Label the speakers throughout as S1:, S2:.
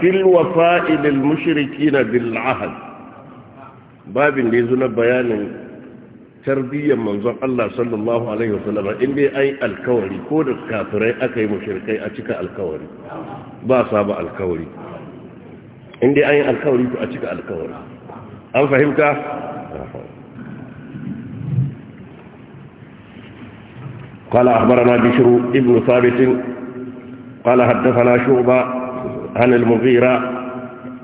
S1: fil wafa'i lil mushrikina bil ahd babin da yazo na bayanin tarbiyyar manzon Allah sallallahu alaihi wasallam inda dai yi alkawari ko da kafirai aka yi mushrikai a cika alkawari ba sa ba alkawari in dai ai alkawari ko a cika alkawari an fahimta قال أخبرنا بشر ابن ثابت قال حدثنا شعبة عن المغيرة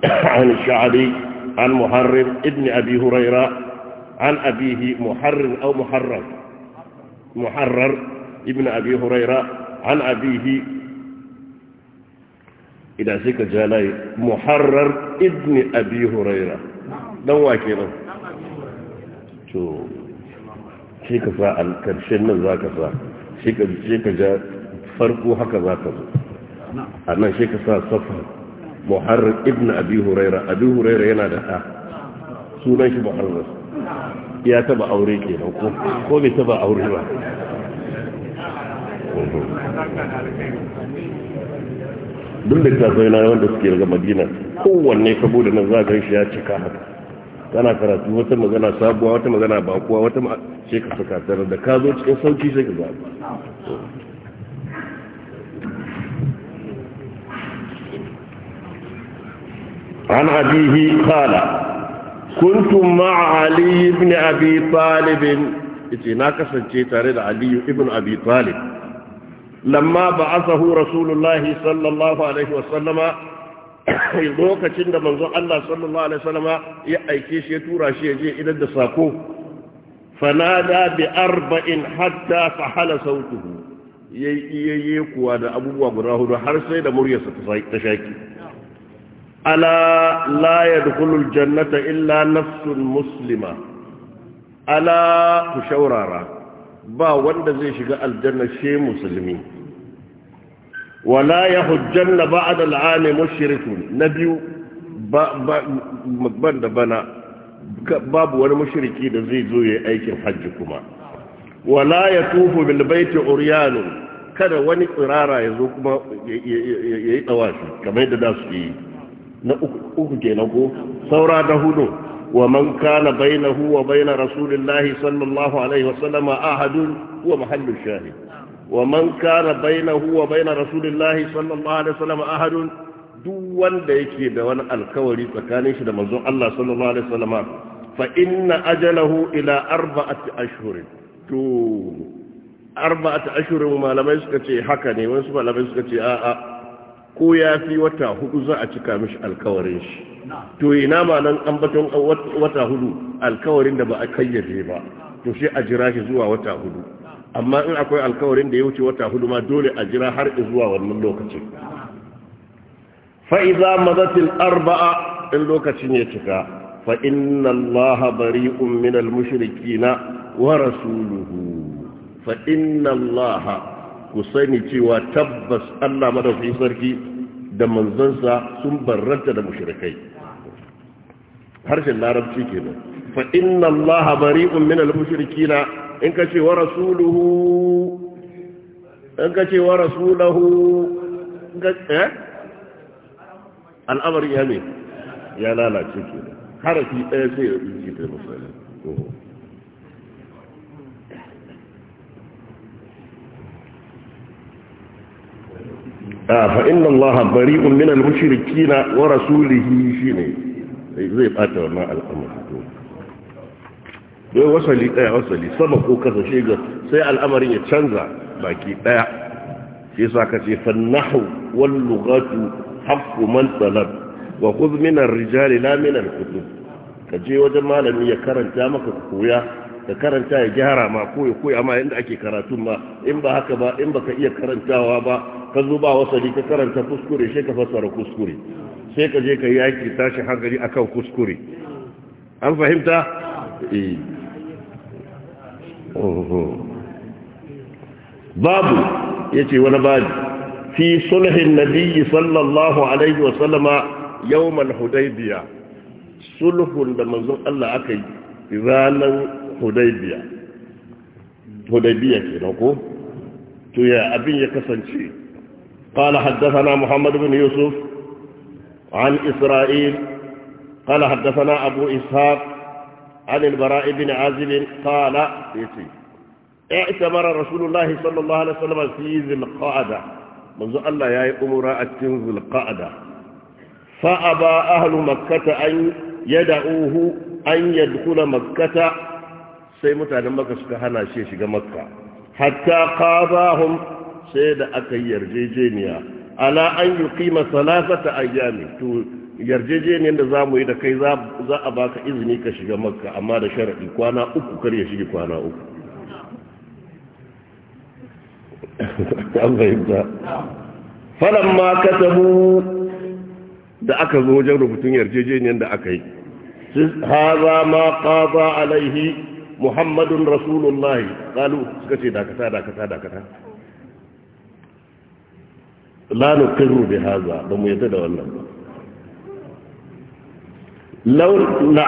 S1: عن الشعبي عن محرر ابن أبي هريرة عن أبيه محرر أو محرر محرر ابن أبي هريرة عن أبيه إذا سيك جالي محرر ابن أبي هريرة دواء كيرا to shi ka sa alkarshen nan za ka sa shi ka ja a nan shi ka sa safar muharrar ibn abi huraira abi huraira yana da ɗa sunan shi muharrar ya taba aure ke nan ko bai taba aure ba
S2: duk da tafai na wanda suke
S1: daga madina kowanne kabo da nan zagar shi ya cika haka kana karatu wata magana sabuwa wata magana bakuwa wata ce ka suka tare da ka zo cikin sauki sai ka zaɓa عن أبيه قال كنت مع علي بن أبي طالب اتناك سنتيت رد علي بن أبي طالب لما بعثه رسول الله صلى الله عليه وسلم lokacin da manzon Allah sallallahu alaihi wasallama ya aike shi ya tura shi ya je idan da sako fanada bi arba'in hatta fahala sautuhu yayi iyaye kuwa da abubuwa guda hudu har sai da muryarsa ta shaki ala la yadkhulul jannata illa nafsun muslima ala ku shaurara ba wanda zai shiga aljanna she musulmi wala yahujjanna ba'da al'ami mushrikun nabiyu ban da bana babu wani mushriki da zai zo yayin aikin hajji kuma wala yatufu bil baiti uryanun kada wani tsirara ya zo kuma ya yi tsawashi kamar yadda da su yi na uku kenan ko saura da hudu wa man kana bainahu wa baina rasulillahi sallallahu alaihi wasallam ahadun huwa mahallu shahid wa man kana bainahu wa baina rasulillahi sallallahu alaihi wasallam ahadun duk wanda yake da wani alkawari tsakanin shi da manzon Allah sallallahu alaihi wasallam fa inna ajalahu ila arba'ati ashhurin to arba'ati ashhurin malamai suka ce haka ne wasu malamai suka ce a'a ko ya fi wata hudu za a cika mishi alkawarin shi to ina ma nan an baton wata hudu alkawarin da ba a kayyade ba to shi a jira shi zuwa wata hudu amma in akwai alkawarin da ya wuce wata hudu ma dole a jira har zuwa wannan lokacin fa'iza mazatil arba'a in lokacin ya cika inna bari bari'un minal mushrikina wa rasuluhu inna allaha ku sani cewa tabbas Allah madaukakin sarki da manzansa sun barranta da mushrikai harshen larabci kenan fa inna allaha bari'un min al-mushrikina in ka ce wa rasuluhu in ka ce wa rasuluhu eh al'amari ya ne ya lalace kenan harafi ɗaya sai ya ta musulmi fa inna allaha bari'un min al-mushrikina wa rasulihi shine zai bata wannan al'amari to dai wasali ɗaya wasali sama ko kasa shiga sai al'amarin ya canza baki ɗaya. shi yasa kace fannahu wal lughatu haqqu man talab rijali la min al-kutub kaje wajen malami ya karanta maka koya ka karanta ya gyara ma koyi-koyi, amma inda yadda ake karatun ma in ba haka ba in baka iya karantawa ba ka zo ba wasali ka karanta kuskure sai ka fassara kuskure sai ka je ka yi aiki tashi hankali akan kuskure an fahimta eh. Babu, ya ce wani babu fi sulhin nabiyyi sallallahu alaihi wa sallama yawmal hudaybiya sulhun da manzon Allah aka yi ranar hudaybiya hudaybiya kenan ko to ya abin ya kasance قال حدثنا محمد بن يوسف عن إسرائيل قال حدثنا أبو إسحاق عن البراء بن عازب قال اعتبر رسول الله صلى الله عليه وسلم في ذي القعدة منذ الله يا أمراء ذي القعدة فأبى أهل مكة أن يدعوه أن يدخل مكة sai mutanen maka suka hana shi shiga makka hatta qadahum sai da aka yarjejeniya ala an yuqima salasata ayyami to yarjejeniyar da zamu yi da kai za a baka izini ka shiga makka amma da sharadi kwana uku kar ya shige kwana uku an fahimta ma katabu da aka zo wajen rubutun yarjejeniyar da aka yi haza ma qada alaihi muhammadun rasulullahi qalu suka ce dakata dakata dakata la nuqirru bi hadha ba mu yadda da wannan ba law na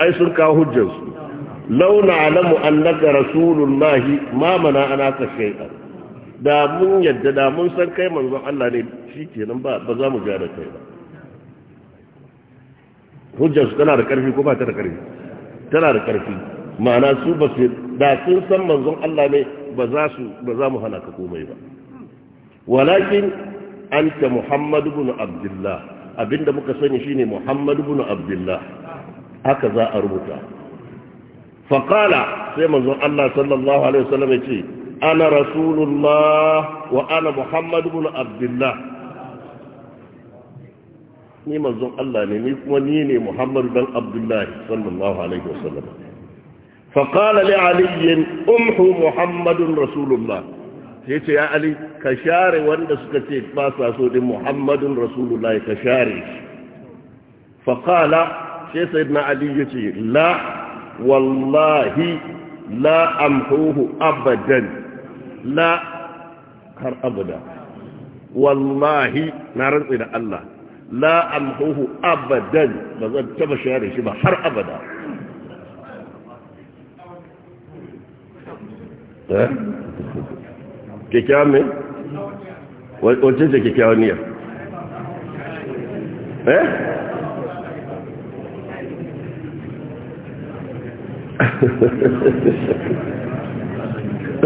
S1: ai sun kawo hujjar su law na'lamu annaka rasulullahi ma mana ana ka shay'an da mun yadda da mun san kai manzon Allah ne shikenan ba ba za mu ga da kai ba hujjar su tana da karfi ko ba ta da karfi tana da karfi ma'ana su ba su da sun san manzon Allah ne ba za mu hana ka komai ba walakin an ta muhammad ibn abdullah abinda muka sani shine muhammad ibn abdullah haka za a rubuta faƙala sai manzon Allah sallallahu alaihi wasallam ya ce ana rasulullah wa ana muhammad ibn abdullah ni manzon Allah ne ni kuma ni ne Muhammadu dan Abdullahi sallallahu alaihi wasallam فقال لعلي امحو محمد رسول الله yace ya ali ka share wanda suka ce ba sa so din muhammadun rasulullahi ka share shi faqala sai sayyidina ali yace la wallahi la amhuhu abadan la har abada wallahi na rantsi da Allah la amhuhu abadan ba zan taba share shi ba har abada kyakkyawan mai wacce ce kyakkyawan niyya eh da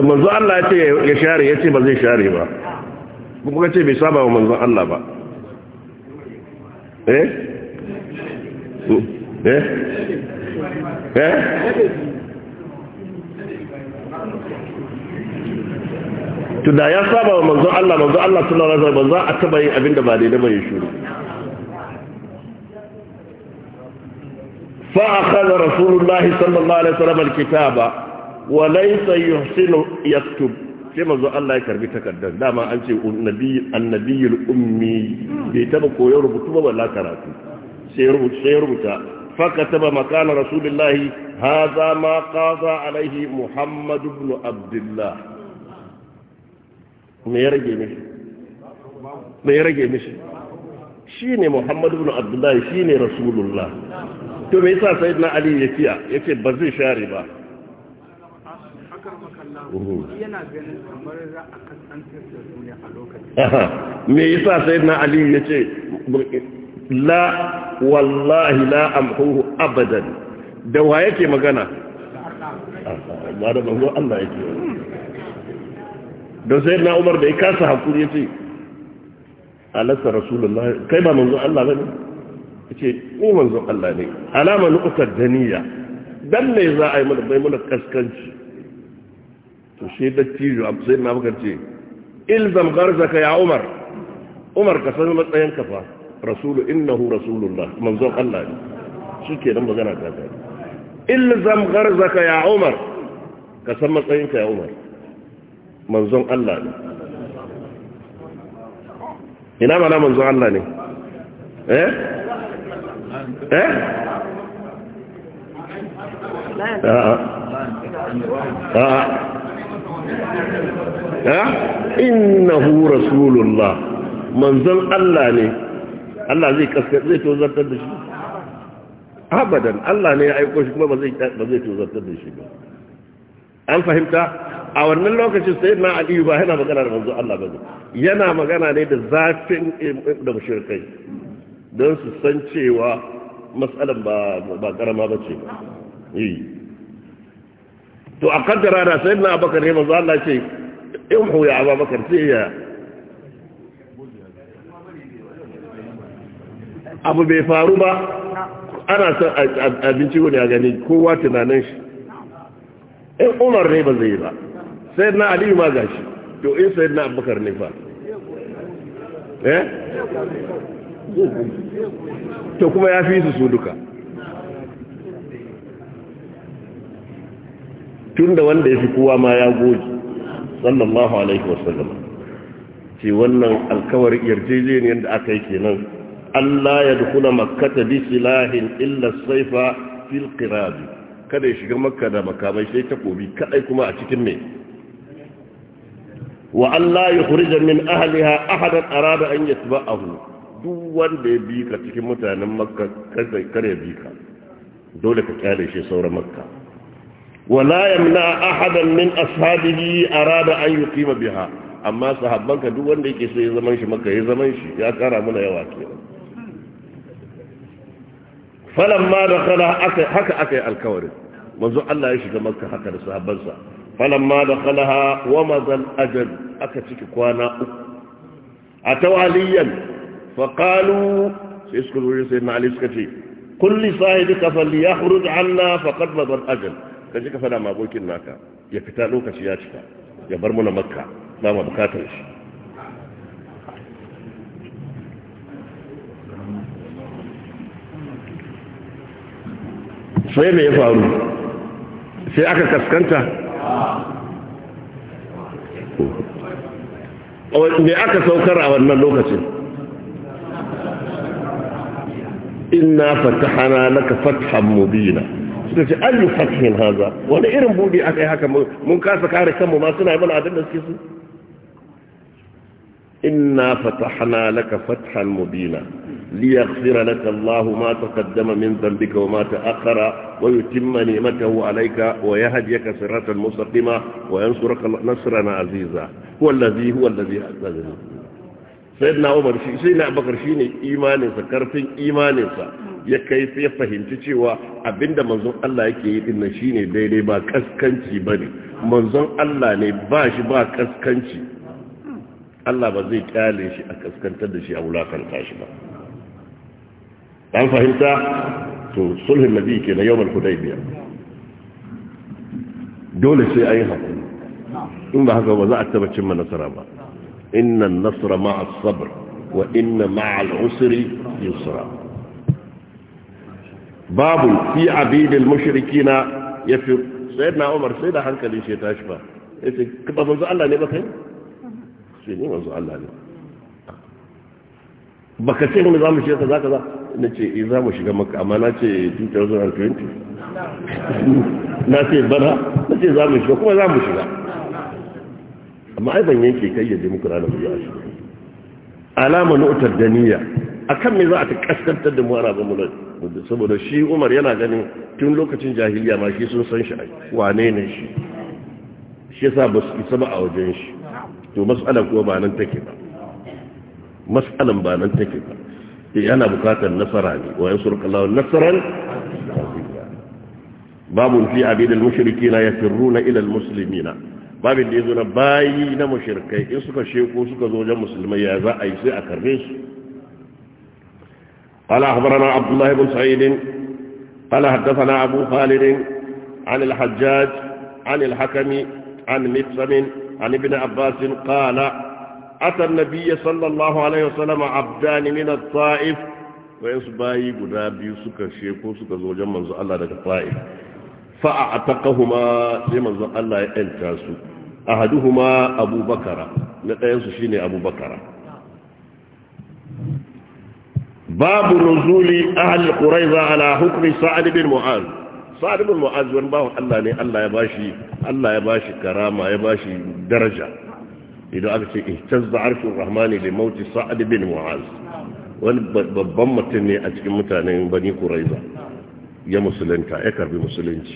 S1: eh? manzo Allah ya ce ya share ya ce ba zai share ba kuma ce bai saba wa manzon Allah ba eh eh
S2: eh to da ya saba wa manzo
S1: Allah manzo Allah sallallahu alaihi wasallam za a taba yin abin da ba daidai ba ya shuru
S2: fa akhadha rasulullah
S1: sallallahu alaihi wasallam alkitaba wa laysa yuhsinu yaktub sai manzon Allah ya karbi takardar dama an ce annabi annabiyul ummi bai taba koyon rubutu ba wala karatu sai rubuta sai rubuta فكتب مكان رسول الله هذا ما قاضى عليه محمد بن عبد الله me ya rage mishi me ya rage mishi shine Muhammadu ibn Abdullah shine Rasulullah to me yasa sayyidina Ali ya fiya ce ba zai share ba me yasa sayyidina Ali yace la wallahi la amhuhu abadan da wa yake magana
S2: ba da bango Allah yake
S1: don sai na umar da ya kasa hakuri ya ce alasa rasulullah kai ba manzon Allah ba ne ya ce ni manzon Allah ne alama nukutar daniya dan ne za a yi mana bai mana kaskanci to shi dattijo abu sai na bakar ce ilzam garzaka ya umar umar ka san matsayin ka fa rasulu innahu rasulullah manzon Allah ne shi ke nan magana ta ta ilzam garzaka ya umar ka san matsayin ka ya umar manzon Allah ne ina mana manzon Allah ne
S2: eh eh ah? innahu
S1: rasulullah manzon Allah ne Allah zai kaskar zai tozartar da shi abadan Allah ne ya aiko shi kuma ba zai tozartar da shi ba an fahimta a wannan lokacin sai na aliyu ba yana magana da manzo Allah bane yana magana ne da zafin eh, da mushrikai don su san cewa matsalan ba ba karama bace ba eh to a kaddara da sai na abakar ne manzo Allah ce in hu ya abakar sai ya abu bai faru ba ana son abinci wani a gani kowa tunanin shi in umar ne ba zai ba sai na aliyu ma ga shi, to in eh, sai na abubakar ne fa
S2: eh to kuma ya fi su
S1: su duka tun da wanda ya fi kowa ma ya goji sallallahu alaihi wasallam ce wannan alkawar yarjejeniyar da aka yi kenan Allah ya dukuna makkata bi silahin illa saifa fil kada ya shiga makka da makamai sai takobi kadai kuma a cikin mai wa Allah ya kurija min ahliha ahadan arada an yatba'ahu duk wanda ya bi ka cikin mutanen makka kada kar ya bi ka dole ka kyale shi sauran makka wala yamna ahadan min ashabihi arada an yuqima biha amma sahabbanka duk wanda yake so ya zaman shi makka ya zaman shi ya kara mana yawa kenan falamma dakhala haka akai alkawarin manzo Allah ya shiga makka haka da sahabbansa falamma da khalaha wa mazal ajal aka ciki kwana uku a tawaliyan faƙalu sai suka zo sai na ali suka ce kulli sahibi kafal ya huruj anna faqad mazal ajal ka ji ka fada magokin naka ya fita lokaci ya cika ya bar mu na makka ba mu bukatar shi sai me ya faru sai aka kaskanta me aka saukar a wannan lokacin inna fatahana laka fathan mubina suka ce an yi fatihin haza wani irin buɗe aka yi haka mun kasa kare kanmu ma suna yi mana abin da suke su inna fatahana laka fathan mubina ليغفر لك الله ما تقدم من ذنبك وما تأخر ويتم نعمته عليك ويهديك صراطا مستقيما وينصرك نصرا عزيزا هو الذي هو الذي أعزني سيدنا عمر سيدنا أبو بكر شيني إيمانيسا كرفين إيمانيسا ya kai sai fahimci cewa abinda manzon Allah yake yi din shine daidai ba kaskanci bane manzon Allah ne ba shi ba kaskanci Allah ba zai kyale shi a kaskantar da shi a wulakanta shi ba نعم
S2: فهمت
S1: صلح النبي كان يوم الحديبية دول سي أيها إن هذا وزعت بشم نصر إن النصر مع الصبر وإن مع العسر يسرى باب في عبيد المشركين يفر سيدنا عمر سيدا حنك لي شيء تاشفى إيه كبا فنزع الله لي سيدنا سيدي فنزع الله لي من نظام الشيطة ذاك na ce eh za mu shiga maka amma na ce 2020
S2: na ce bana na ce za mu shiga kuma za mu shiga
S1: amma ai yanke kai yadda muku ranar ya shi alama utar daniya A kan me za a ta kaskantar da mu ba mulai saboda shi Umar yana ganin tun lokacin jahiliya ma shi sun san shi a wane ne shi shi sa ba su isa ba a wajen shi to mas'alan ko ba nan take ba mas'alan ba nan take ba يانا بكات النصراني وينصرك الله النصرا باب في عبيد المشركين يفرون إلى المسلمين باب يذون باي نا مشركاي يسوك شيخو سوك زوجا مسلمي يا ذا اي سي اكرنس قال اخبرنا عبد الله بن سعيد قال حدثنا ابو خالد عن الحجاج عن الحكم عن مقسم عن ابن عباس قال أتى النبي صلى الله عليه وسلم عبدان من الطائف وينسو باي قدا بيوسك الشيكو سك زوجا منزو الله لك الطائف فأعتقهما لمنزو الله ينتاسو أهدهما أبو بكر نتينسو شيني أبو بكر باب نزول أهل قريظة على حكم سعد بن معاذ سعد بن معاذ ونباه الله ني الله يباشي الله يباشي كرامة يباشي درجة idan aka ce ihtazza arshin rahmani da mauti sa'ad bin mu'az wani babban mutum ne a cikin mutanen bani kuraiza ya musulunta ya karbi musulunci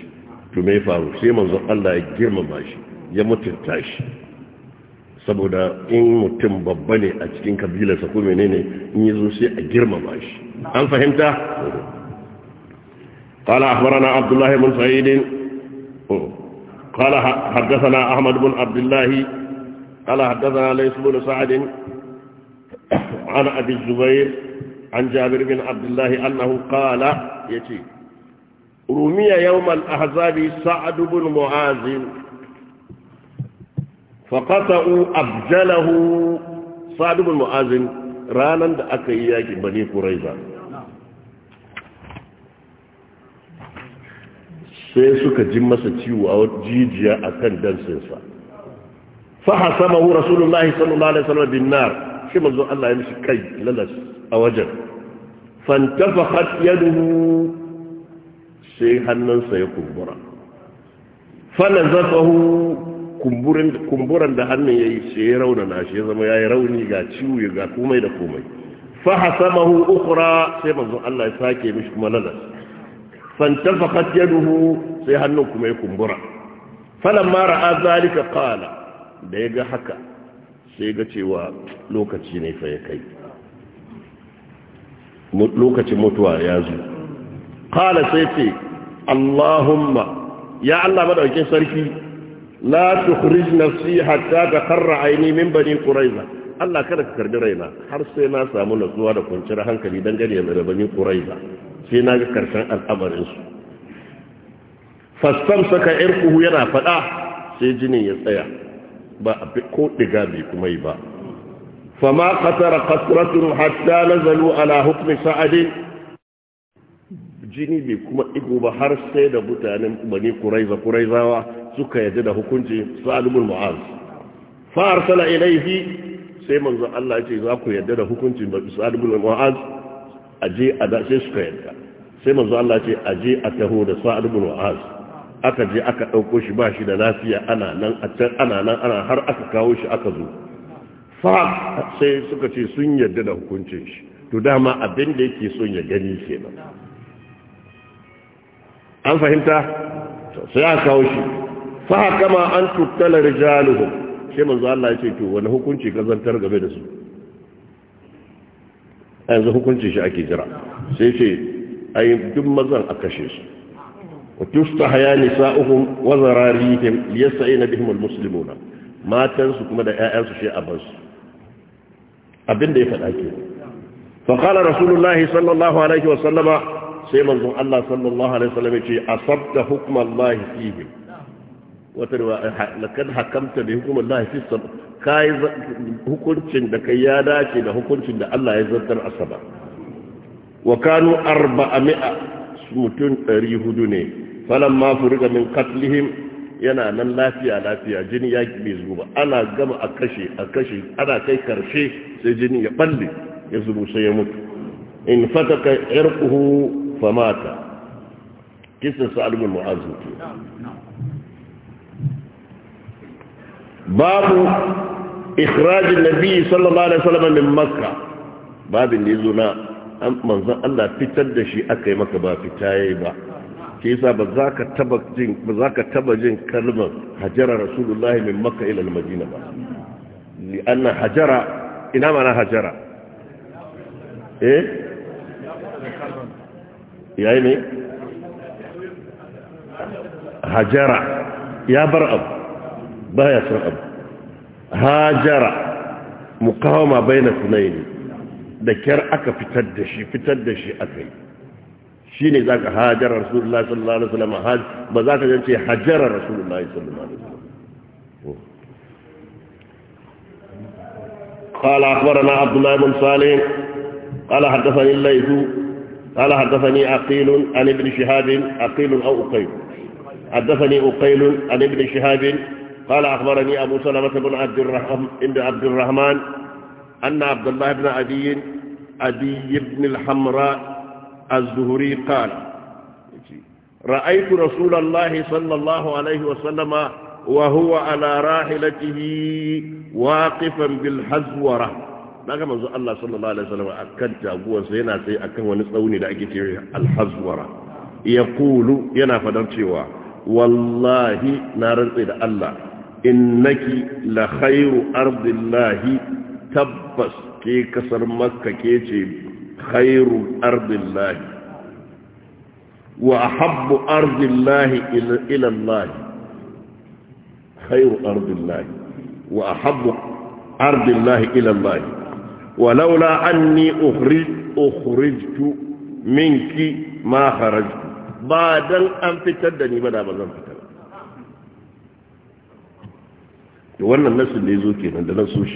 S1: to me faru sai manzon Allah ya girmama shi ya mutunta shi saboda in mutum babba ne a cikin kabilarsa ko menene in yazo sai a girmama shi an fahimta قال أخبرنا عبد الله بن سعيد قال حدثنا أحمد بن قال حدثنا ليس بن سعد عن أبي الزبير عن جابر بن عبد الله أنه قال يتي رمي يوم الأحزاب سعد بن معاذ فقطعوا أبجله سعد بن معاذ رانا دا أكياك بني قريظة sai suka ji masa ciwo a jijiya a kan dansinsa فحسبه رسول الله صلى الله عليه وسلم بالنار كما زو الله يمشي كي للس أوجد فانتفخت يده سيحنا سيكبرا فنزفه كمبرا دهن يسيرون ناشي زم يروني غا تشيو يغا كومي دا فحسمه أخرى كما زو الله يساكي مشكما للس فانتفخت يده سيحنا كمي كمبرا فلما رأى ذلك قال da ya ga haka sai ga cewa lokaci ne fa ya kai lokacin mutuwa ya zo kala sai ce allahumma ya allah madaukin sarki la tukhrij nafsi hatta takarra aini min bani quraiza Allah kada ka karbi raina har sai na samu nutsuwa da kwanciyar hankali dangane da bani quraiza sai na ga karshen al'amarin su fastamsaka irku yana fada sai jinin ya tsaya ba a fi ko diga bai kuma yi ba fama qatara qasratun hatta nazalu ala hukmi sa'adin jini bai kuma igo ba har sai da mutanen bani kuraiza kuraizawa suka yadda da hukunci sa'alubul mu'az fa arsala ilayhi sai manzo Allah ce za ku yadda da hukuncin ba sa'alubul mu'az aje a sai suka yadda sai manzo Allah ya ce aje a taho da sa'alubul mu'az aka je aka ɗauko shi ba shi da lafiya ana nan a can ana nan ana har aka kawo shi aka zo fa sai suka ce sun yarda da hukuncin shi to dama abin da yake son ya gani kenan an fahimta sai aka kawo shi fa kama an tuttala rijaluhum sai manzo Allah ya ce to wani hukunci kazantar game da su yanzu hukuncin shi ake jira sai ce ai duk mazan a kashe su وتستحيا نساؤهم وذراريهم ليستعين بهم المسلمون ما تنسوا كما دا ايانsu shi abas abinda ya fada ke فقال رسول الله صلى الله عليه وسلم سيما الله صلى الله عليه وسلم أصبت حكم الله فيهم وتروى لقد حكمت بحكم الله في السبع كاي حكمتين da kai ya dace da hukuncin da Allah ya zartar asaba wa kanu 400 mutun 400 ne falamma furiga min qatlihim yana nan lafiya lafiya jini ya bai zuba ana gama a kashe a kashe ana kai karshe sai jini ya balle ya zubu sai ya mutu in fataka irquhu famata kisan sa'ad bin mu'az babu
S2: ikhraj an-nabi
S1: sallallahu alaihi wasallam min makkah babin da yazo na manzon Allah fitar da shi akai maka ba fitaye ba ke yasa ba za ka taba jin ba za ka taba jin kalmar hajara rasulullahi min makka ila al-madina ba li anna hajara ina mana hajara eh yayi ne hajara ya bar abu baya son abu hajara muqawama bayna sunayn da kyar aka fitar da shi fitar da shi aka yi shine zaka hajara rasulullahi sallallahu alaihi wasallam haj ba za ka ce hajara rasulullahi sallallahu alaihi wasallam قال أخبرنا عبد الله بن صالح
S2: قال حدثني الليث قال حدثني عقيل عن ابن شهاب عقيل أو أقيل حدثني أقيل عن ابن شهاب
S1: قال أخبرني أبو سلمة بن عبد الرحمن بن عبد الرحمن أن عبد الله بن عدي عدي بن الحمراء الزهري قال رأيت رسول الله صلى الله عليه وسلم وهو على راحلته واقفا بالحزورة daga manzo Allah sallallahu alaihi wasallam akan jagowarsa yana sai akan wani tsauni da ake cewa al-hazwara yaqulu yana fadan cewa wallahi na rantsa da Allah innaki la khairu ardillahi tabbas ke ƙasar makka ke ce خير أرض الله وأحب أرض الله إلى الله خير أرض الله وأحب أرض الله إلى الله ولولا أني أخرج أخرجت منك ما خرجت بعد أن فتدني بدأ بذن فتدني wannan الناس اللي يزوكي zo kenan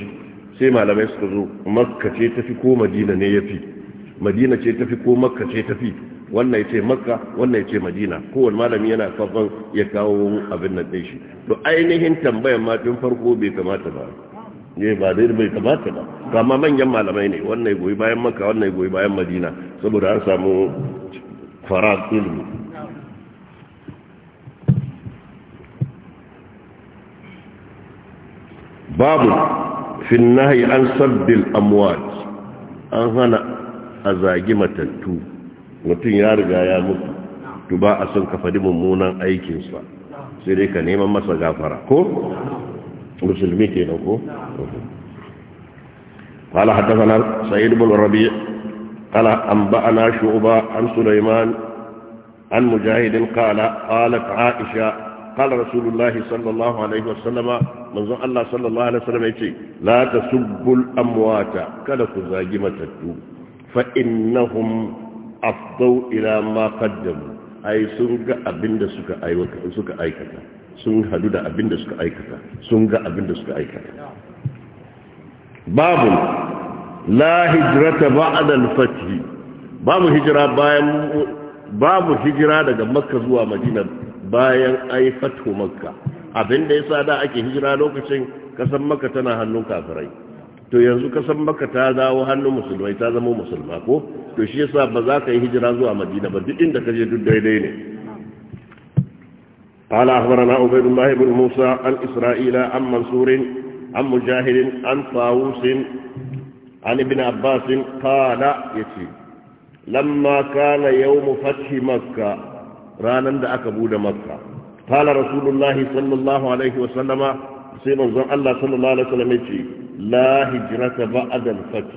S1: سيما nan so مكة sai malamai suka zo makka madina ce tafi ko makka ce tafi wannan yace makka wannan yace madina kowanne malami yana kafan ya kawo abin nan din shi to ainihin tambayan ma tun farko bai kamata ba ne ba dai bai kamata ba kama manyan malamai ne wannan goyi bayan makka wannan goyi bayan madina saboda an samu farad ilmi babu fi nahi an sabbil amwat an hana a zagi matattu mutum ya riga ya mutu tu ba a sun kafadi mummunan aikinsa sai dai ka neman masa gafara ko? musulmi ke da ko? ƙala haddasa na sa'id bin rabi ƙala an ba'ana shu'uba an sulaiman an mujahidin ƙala ƙala ta'aisha ƙala rasulullah sallallahu alaihi wasallama manzon Allah sallallahu alaihi wasallama ya ce la ta subbul amwata kada ku zagi matattu Fa in na ma faɗin Ai sun ga abin da suka aikata, sun hadu da abin da suka aikata, sun ga abin da suka aikata. Babu na hijira ta ba'a da nufatti. Babu hijira daga Makka zuwa Majinan bayan ai fato Makka. Abin da ya da ake hijira lokacin ka san Makka tana hannun kakarai. to yanzu kasan maka ta dawo hannun musulmai ta zama musulma ko to shi yasa ba za ka yi hijira zuwa madina ba duk inda ka je duk daidai ne قال أخبرنا عبيد الله بن موسى عن إسرائيل عن منصور عن مجاهد عن طاووس عن ابن عباس قال يتي لما كان يوم فتح مكة رانا دعك بود مكة قال رسول الله صلى الله عليه وسلم سيما الله صلى الله عليه وسلم يتي la hijrata ba'da al-fath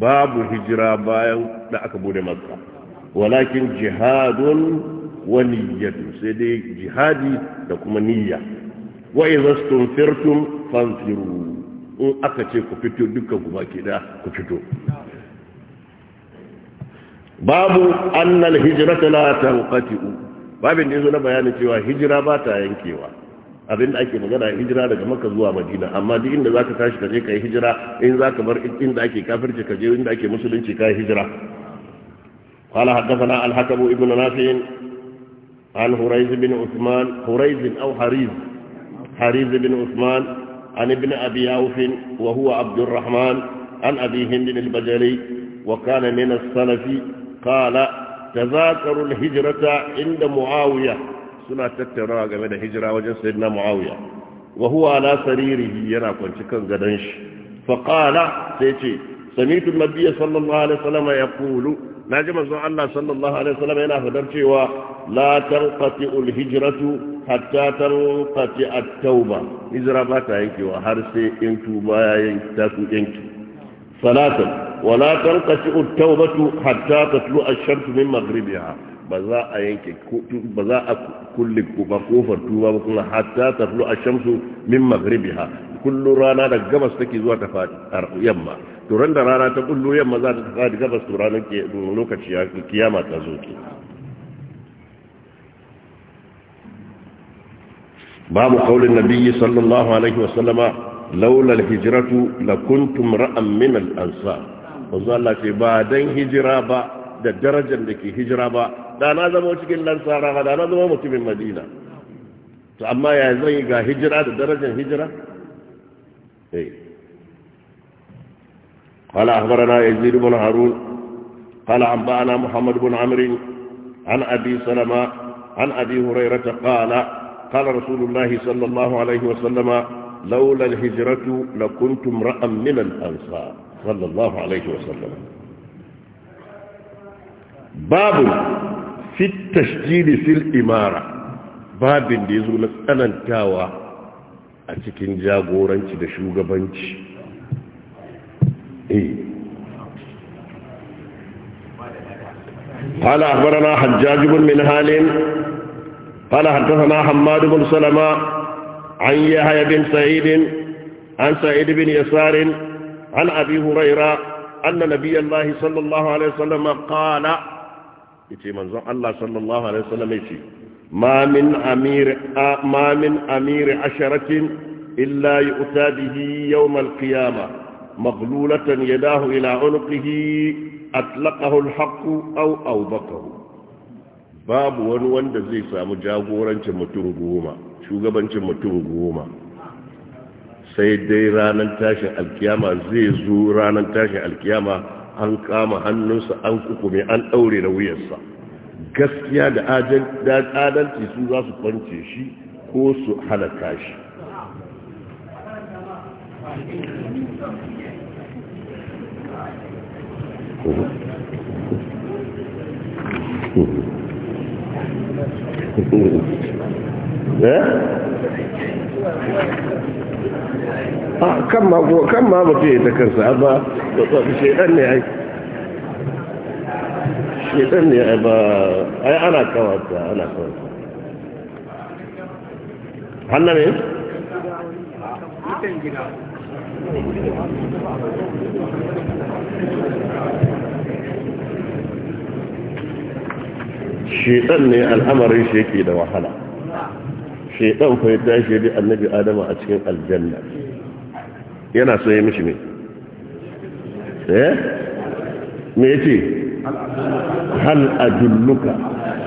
S1: babu hijira bayan da aka bude makka walakin jihadun wa niyyatu sai dai jihadi da kuma niyya wa idza stunfirtum fanfiru in aka ce ku fito dukkan ku baki da ku fito babu annal hijrata la tanqati babin da yazo na bayanin cewa hijira ba ta yankewa abin da ake magana hijira daga makka zuwa madina amma duk inda zaka tashi ka je kai hijira in zaka bar inda ake kafirci ka je inda ake musulunci kai hijira قال حدثنا الحكم ابن نافع عن هريز بن عثمان هريز أو حريز حريز بن عثمان عن ابن أبي عوف وهو عبد الرحمن عن أبي هند البجلي وكان من السلف قال تذاكروا الهجرة عند معاوية suna tattaunawa game da hijira wajen sayyidina muawiya wa huwa ala saririhi yana kwanci kan gadon shi fa qala sai ce sami'tu nabiyyi sallallahu alaihi wasallam yaqulu naji manzo Allah sallallahu alaihi wasallam yana fadar cewa la tarqati al-hijratu hatta tarqati at-tauba hijra ba ta yankewa har sai in tuba yayin ta su yanki salatan wa la tarqati at-taubatu hatta tatlu ash-shamsu min maghribiha ba za a yanke ba za a kulle ba kofar tuba ba kuma hatta ta fulo a shamsu min ha kullum rana da gabas take zuwa ta fadi yamma to ran da rana ta kullu yamma za ta fadi gabas to ranar lokaci kiyama ta zo ke babu kaulin nabiyyi sallallahu alaihi sallama laula alhijratu lakuntum ra'an min al-ansar wanzu Allah ce ba dan hijira ba da darajar da ke hijira ba دانا زمو چکن لنسارا دانا زمو na zama mutumin madina to amma ya zan yi ga hijira da قال أخبرنا يزيد بن هارون قال أنبأنا محمد بن عمرو عن أبي سلمة عن أبي هريرة قال قال رسول الله صلى الله عليه وسلم لولا الهجرة لكنت امرأ من الأنصار صلى الله عليه وسلم باب fi tashjili fil imara babin da ya zo na tsanantawa a cikin jagoranci da shugabanci
S2: قال أخبرنا حجاج بن من هال
S1: قال حدثنا حماد بن سلمة عن يحيى بن سعيد عن سعيد بن يسار عن أبي هريرة أن نبي الله صلى الله عليه وسلم قال yace manzon Allah sallallahu alaihi wasallam yace ma min amir ma min amir asharatin illa yu'ta bihi yawm al-qiyamah maghlulatan yadahu ila unqihi atlaqahu al-haqq aw babu wani wanda zai samu jagorancin mutum goma shugabancin mutum goma sai dai ranar tashin alkiyama zai zo ranar tashin alkiyama an kama hannunsa an kukume an ɗaure da wuyarsa gaskiya da adalci su za su kwance shi ko su halaka shi eh a kan ma ko kan ma mutum ya ta kansa amma shaidan ne ai shaidan ne ai ba ai ana kawata ana
S2: kawata hannu ne? shaidan ne al'amarin shi
S1: yake da wahala shaidan ko ya tashi da annabi adama a cikin aljanna yana so ya mishi ne eh me yace hal adulluka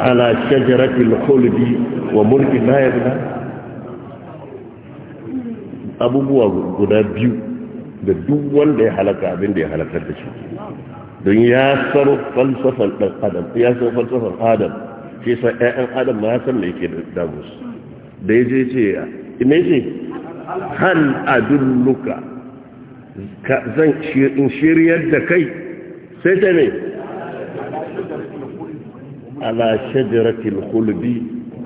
S1: ala shajarati al-khuldi wa mulki la yabla abubuwa guda biyu da duk wanda ya halaka abin da ya halakar da shi don ya san falsafan dan adam ya san falsafan adam shi sa 'ya'yan adam ma san me yake da damus da ya je ce ya ime ce hal adulluka zan in shiryar da kai sai ta ne ala shajaratul khulbi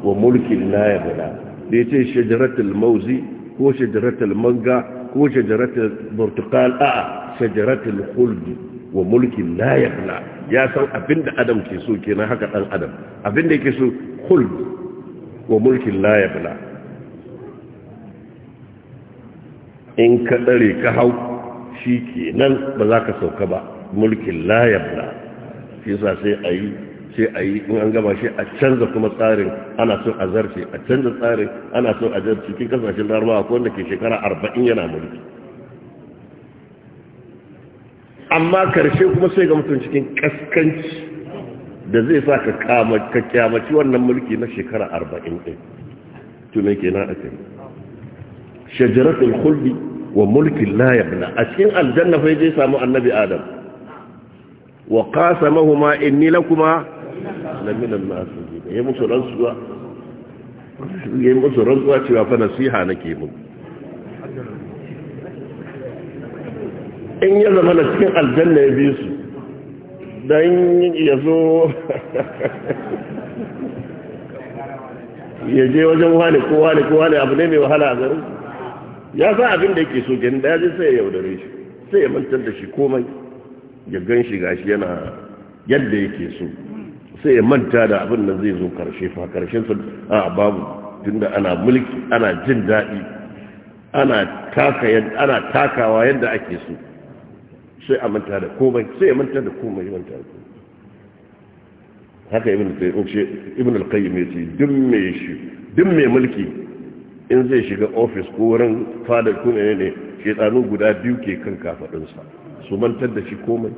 S1: wa mulkin la bala da ya ce shajaratul mauzi ko shajaratul manga ko shajaratul burtukal a shajaratul khulbi wa mulkin la bala ya san abinda adam ke so kenan haka dan adam abinda yake so khulbi wa mulkin la bula in ka tsare ka hau shi ke nan ba za ka sauka ba mulkin la bula shi sa sai a yi sai a yi in an gama shi a canza kuma tsarin ana son a zarce a canza tsarin ana son a zarce cikin kasashen larabawa ko wanda ke shekara arba'in yana mulki amma karshe kuma sai ga mutum cikin kaskanci da zai sa ka kyamaci wannan mulki na shekara arba'in ɗin tunan kenan a kai shajaratul Kulbi wa mulkin la yabla a cikin aljanna fa je samu annabi adam wa kasa in qasamahuma kuma? lakuma lamina nasihin yayi musu rantsuwa yi musu rantsuwa cewa fa nasiha ke muku
S2: in ya zama na cikin
S1: aljanna ya bi su don ya zo ya je wajen wani ko wani ko wani abu ne mai wahala a garin ya sa abin da yake so gani daya sai ya yaudare shi sai ya mantar da shi komai ya gan shi gashi yana yadda yake so sai ya manta da abin da zai zo karshe fa karshen su a babu tunda ana mulki ana jin daɗi ana takawa yadda ake so sai a manta da komai sai a manta da komai manta da komai haka ibn ce ibn al-qayyim yace duk me shi duk me mulki in zai shiga office ko ran fada ko ne ne shaytanu guda biyu ke kan kafadin sa su mantar da shi komai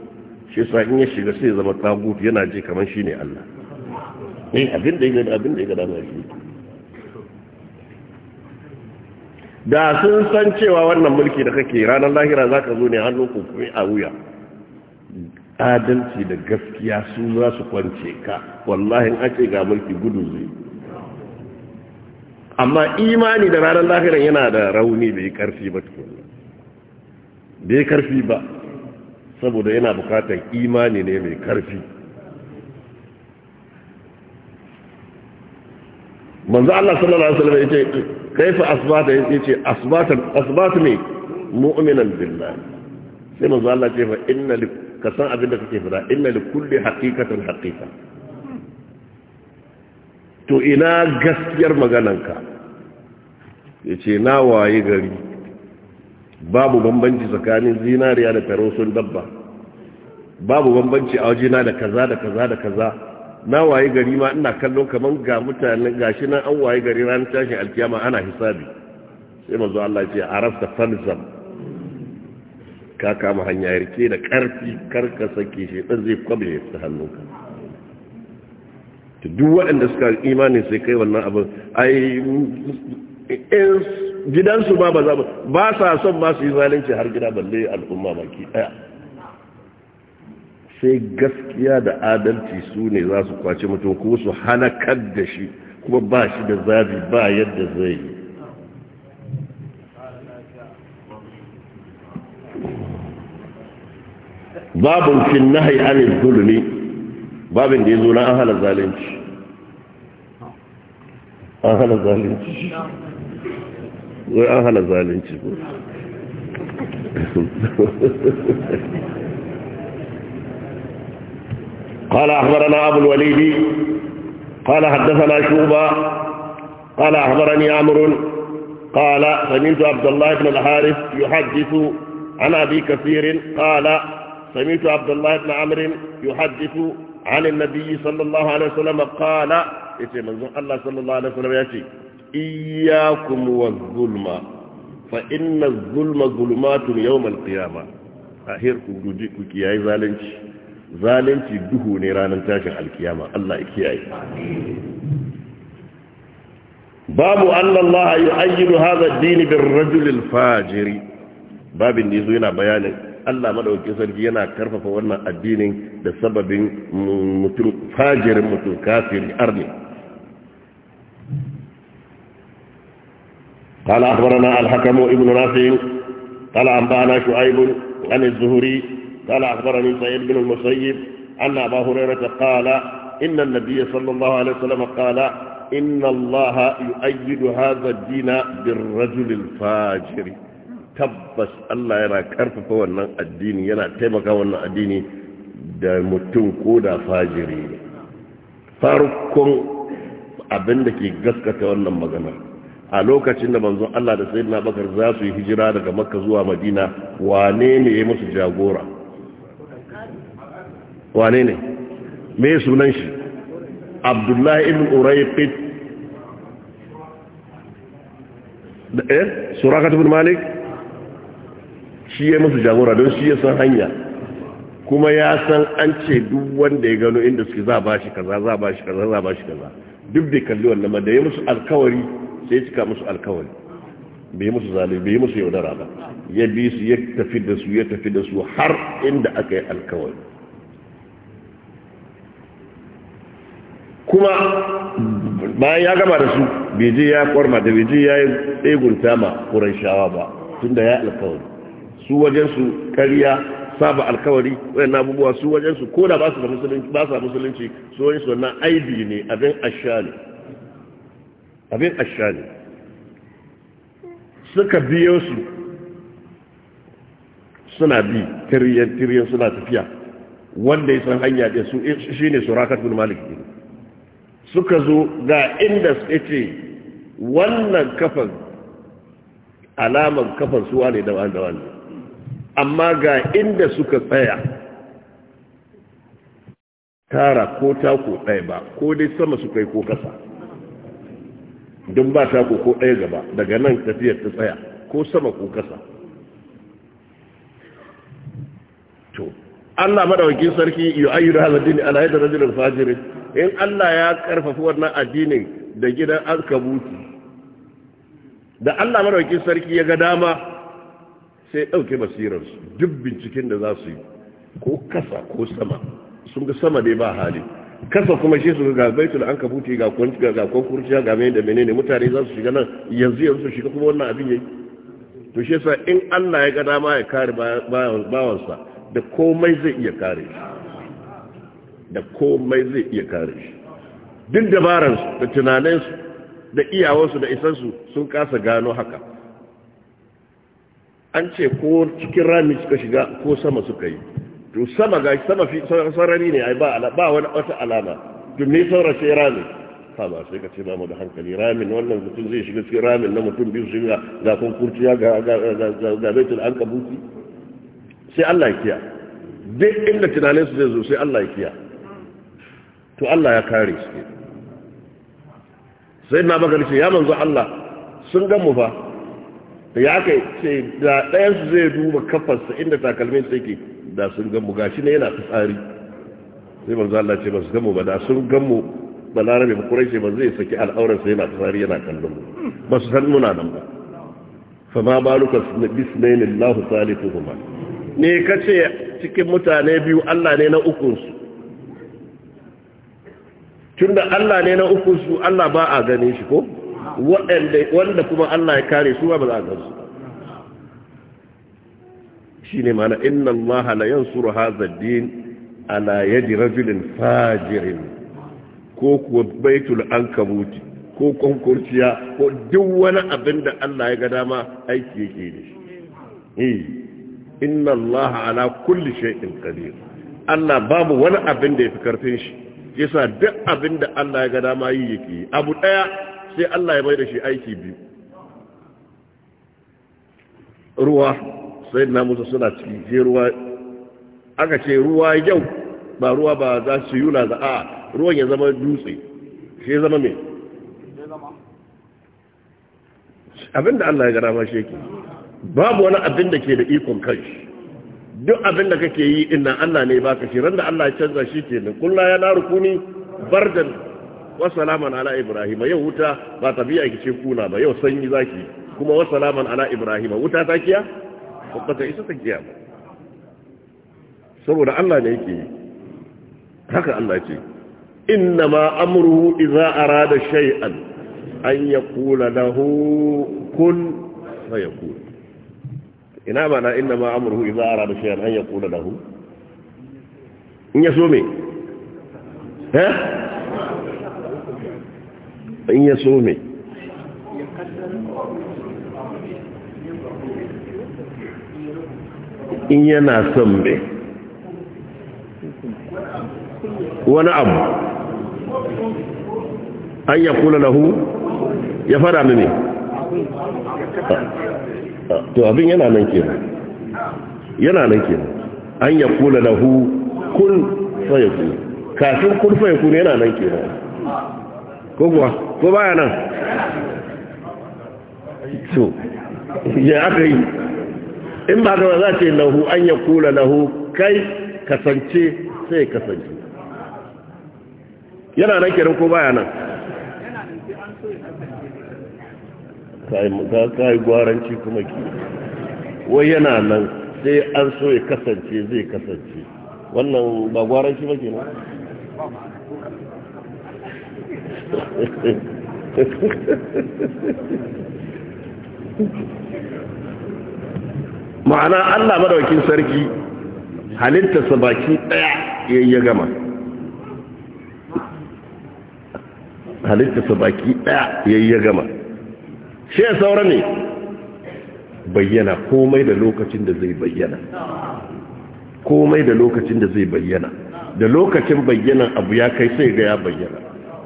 S1: shi sa in ya shiga sai zama tagut yana je kaman shine Allah eh abin da yake abin da yake da shi da sun san cewa wannan mulki da kake ranar lahira za ka zo ne hannun kukumi a wuya adalci da gaskiya su za su kwance ka wallahi ake ga mulki gudu zai amma imani da ranar lahiran yana da rauni bai karfi ba tukuna bai karfi ba saboda yana bukatar imani ne mai karfi manzo Allah sallallahu alaihi wasallam yace kaifa asbata yace asbatan asbata ne mu'minan billahi sai manzo Allah ce fa inna li kasan abin da kake fada inna li kulli haqiqatan haqiqa to ina gaskiyar magananka yace na waye gari babu bambanci tsakanin zinariya da tarosun dabba babu bambanci a wajena da kaza da kaza da kaza na waye gari ma ina kallo kaman ga mutane gashi nan an waye gari ran tashin alkiyama ana hisabi sai manzo Allah ya ce arafta falzam ka kama hanya yarke da karfi karka sake shi dan zai kwabe ta hannunka to duk waɗanda suka imani sai kai wannan abin ai gidansu ba ba za ba sa son ba su yi zalunci har gida balle al'umma baki daya sai gaskiya da adalci su ne za su kwace mutum kuma su halakar da shi kuma ba shi da zabi ba yadda zai yi babin fin nahai anil zulmi babin da ya zo na an hana zalunci an hana zalunci wai an hana zalunci قال أخبرنا أبو الوليد قال حدثنا شوبا قال أخبرني عمر قال سمعت عبد الله بن الحارث يحدث عن أبي كثير قال سمعت عبد الله بن عمر يحدث عن النبي صلى الله عليه وسلم قال إيه الله صلى الله عليه وسلم يأتي إياكم والظلم فإن الظلم ظلمات يوم القيامة أهيركم جديكم يا ظالمين zalunci duhu ne ranar tashin alkiyama Allah ya kiyaye babu annallaha yu'ayyidu hadha ad-din bir-rajul al-fajir babin da yazo yana bayanin Allah madaukakin sarki yana karfafa wannan addinin da sababin mutum fajirin mutum kafiri arni قال أخبرنا الحكم ابن رافع قال أنبأنا شعيب عن الزهري قال أخبرني سعيد ana ba أن أبا هريرة قال إن النبي صلى الله عليه وسلم قال إن الله يؤيد هذا الدين بالرجل الفاجر tabbas Allah yana karfafa wannan addini yana taimaka wannan addini da mutum ko da fajiri ne farkon abin ke gaskata wannan magana a lokacin da manzon Allah da sayyidina Bakar za su yi hijira daga Makka zuwa Madina wane ne ya musu jagora wane ne me sunan shi abdullahi ibn uraiqit eh suraka ibn malik shi ya musu jagora don shi ya san hanya kuma ya san an ce duk wanda ya gano inda suke za ba shi kaza za ba shi kaza za ba shi kaza duk da kalli wannan ma da ya musu alkawari sai cika musu alkawari bai musu zalim bai musu yaudara ba ya bi su ya tafi da su ya tafi da su har inda aka yi alkawari kuma bayan ya gama da su beji ya kwarma da beji ya yi tsegunta ma shawa ba tunda ya alkawari su wajensu kariya saba alkawari wayan abubuwa su wajensu, ko da ba su da musulunci ba su musulunci su wajen su wannan aibi ne abin ashani abin ashani suka biyo su suna bi tiryan tiryan suna tafiya wanda ya san hanya da su ne su bin malik ne suka zo ga inda ce wannan kafan alaman kafan da wane daban daban amma ga inda suka tsaya tara ko tako ɗaya ba ko dai sama suka yi ko kasa don ba tako ko ɗaya gaba daga nan tafiyar ta tsaya ko sama ko kasa to Allah madawakin sarki yi Ayyura, hazardini ala yadda rajulun fajirin in Allah ya karfafi wannan addinin da gidan alkabuti da Allah madaukakin sarki ya ga dama sai ɗauke basirarsu duk binciken da za su yi ko kasa ko sama sun ga sama dai ba hali kasa kuma shi su ga baitul an kabuti ga kwanciya ga kwanciya ga da menene mutane za su shiga nan yanzu yanzu shiga kuma wannan abin yayi to shi sa in Allah ya ga dama ya kare bawansa da komai zai iya kare shi da komai zai iya kare shi duk dabararsu da tunaninsu da iyawarsu da isansu sun kasa gano haka an ce ko cikin rami suka shiga ko sama suka yi to sama ga sama fi sarari ne ai ba ba wani wata alama to me saurace rami ha ba sai ka ce ba mu da hankali ramin wannan mutum zai shiga cikin ramin na mutum biyu shiga ga kun kurciya ga ga baitul ankabuti sai Allah ya kiya duk inda tunaninsu zai zo sai Allah ya kiya to Allah ya kare su sai na bakar ce ya manzo Allah sun gan mu fa da ya kai ce da ɗayansu zai duba kafarsa inda takalmin ke da sun gan mu gashi ne yana tsari sai manzo Allah ce ba su gan mu ba da sun gan mu balarabe bukurai ce ba zai saki al'auransa yana tsari yana kallon mu ba su san muna nan ba fama baluka bisnayin Allah salisuhuma ne kace cikin mutane biyu Allah ne na ukunsu tunda Allah ne na uku su Allah ba a gane shi ko wanda kuma Allah ya kare su ba za a gane su shi ne mana inna Allah la yansuru hadha ad-din ala yadi rajulin fajirin ko kuwa baitul ankabuti ko konkurciya ko duk wani abin da Allah ya ga dama aiki yake da shi eh inna Allah ala kulli shay'in qadir Allah babu wani abin da ya fi karfin shi yasa duk abin da Allah ya ga dama yi yake abu daya sai Allah ya bai da shi aiki biyu ruwa sai na musu suna ciki je ruwa aka ce ruwa yau ba ruwa ba za su yula za a ruwan ya zama dutse shi ya zama mai abin da Allah ya ga dama shi yake babu wani abin da ke da ikon kanshi duk abin da kake yi inna Allah ne baka shi da Allah ya canza shi ke nan kula ya na rukuni bardan wasu salaman ala ibrahim yau wuta ba tabi'a ce kuna ba yau sanyi zaki kuma wasu salaman ala ibrahim wuta ta kiya ko ta isa ta kiya saboda Allah ne yake haka Allah ce inna ma amruhu idza arada shay'an an yaqula lahu kun fayakun ina mana inna ma amruhu idza arada shay'an an yaqula lahu in yaso me eh in yaso me
S2: in yana son me wani abu an yaqula lahu
S1: ya fara mini
S2: to abin yana nan kenan
S1: yana nan kenan an ya kula lahu kun faya ya kafin kun faya ya yana nan kenan ko kuwa ko baya nan
S2: so ya aka yi
S1: in ba da za ce lahu an ya kula lahu kai kasance sai kasance yana nan kenan ko baya nan ka yi gwaranci kuma ki wai yana nan sai an so ya kasance zai kasance wannan ba gwaranci ba ke nan ma'ana allah madawakin sarki
S2: halittarsa baki daya ya gama halittarsa baki daya ya gama
S1: shi ya saura ne bayyana komai da lokacin da zai bayyana komai da lokacin da zai bayyana da lokacin bayyana abu ya kai sai ga ya bayyana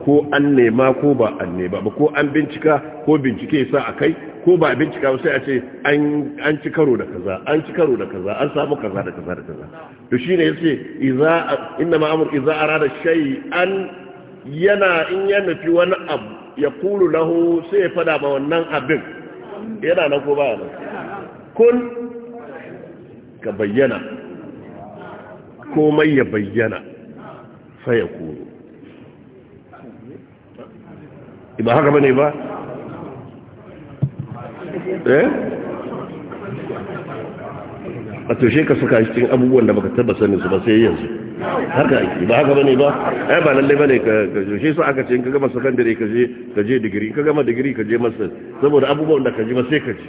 S1: ko an nema ko ba an nema ba ko an bincika ko bincike sa a kai ko ba bincika sai a ce an ci karo da kaza an ci karo da kaza an samu kaza da kaza da kaza to shi ne yace idza inna ma'amur idza arada shay'an yana in ya nufi wani abu ya kulu lahu sai ya fada ma wannan abin yana na ko baya nan kun ka bayyana komai ya bayyana sai ya kulu ba haka bane ba
S2: eh a toshe ka suka
S1: cikin abubuwan da baka taba sanin su ba sai yanzu
S2: haka ba haka bane ba ai eh, ba lalle bane
S1: ka ka shi su aka ce in ka gama secondary ka je ka je degree ka gama degree ka je master saboda abubuwan da ka ji ba sai ka ji